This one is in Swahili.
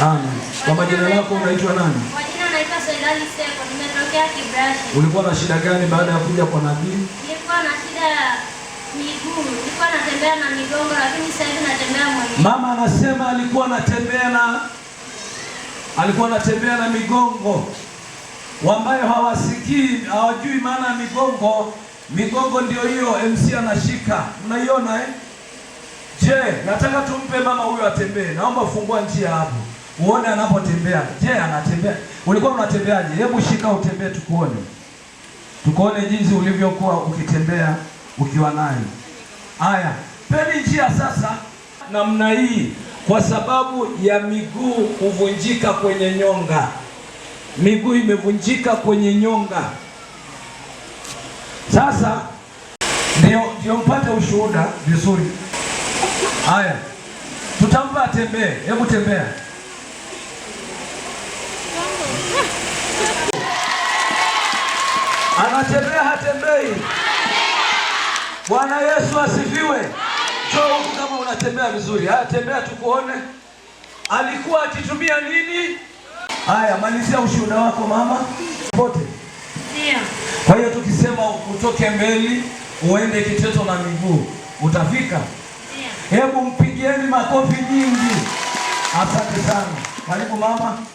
Amen. Kwa majina yako unaitwa nani? Majina naitwa Sendali Seko, nimetokea Kibrashi. Ulikuwa na shida gani baada ya kuja kwa nabii? Nilikuwa na shida ya miguu, nilikuwa natembea na migongo, lakini sasa hivi natembea mwenyewe. Mama anasema alikuwa natembea na alikuwa natembea na migongo ambayo hawasikii hawajui maana ya migongo. Migongo ndio hiyo MC anashika, Unaiona eh? Je, nataka tumpe mama huyo atembee. Naomba fungua njia hapo uone anapotembea. Je, anatembea? Ulikuwa unatembeaje? Hebu shika utembee, tukuone, tukuone jinsi ulivyokuwa ukitembea ukiwa naye. Haya, peni njia sasa namna hii, kwa sababu ya miguu kuvunjika kwenye nyonga. Miguu imevunjika kwenye nyonga, sasa ndio mpate ushuhuda vizuri. Haya, tutampa tembee, hebu tembea. Anatembea hatembei? Bwana Yesu asifiwe. Njoo huku kama unatembea vizuri. Haya, tembea tukuone. Alikuwa akitumia nini? Haya, malizia ushuhuda wako mama. Pote. Ndio. Kwa hiyo tukisema utoke mbeli uende Kiteto na miguu utafika. Ndio. Hebu mpigieni makofi nyingi. Asante sana. Karibu mama.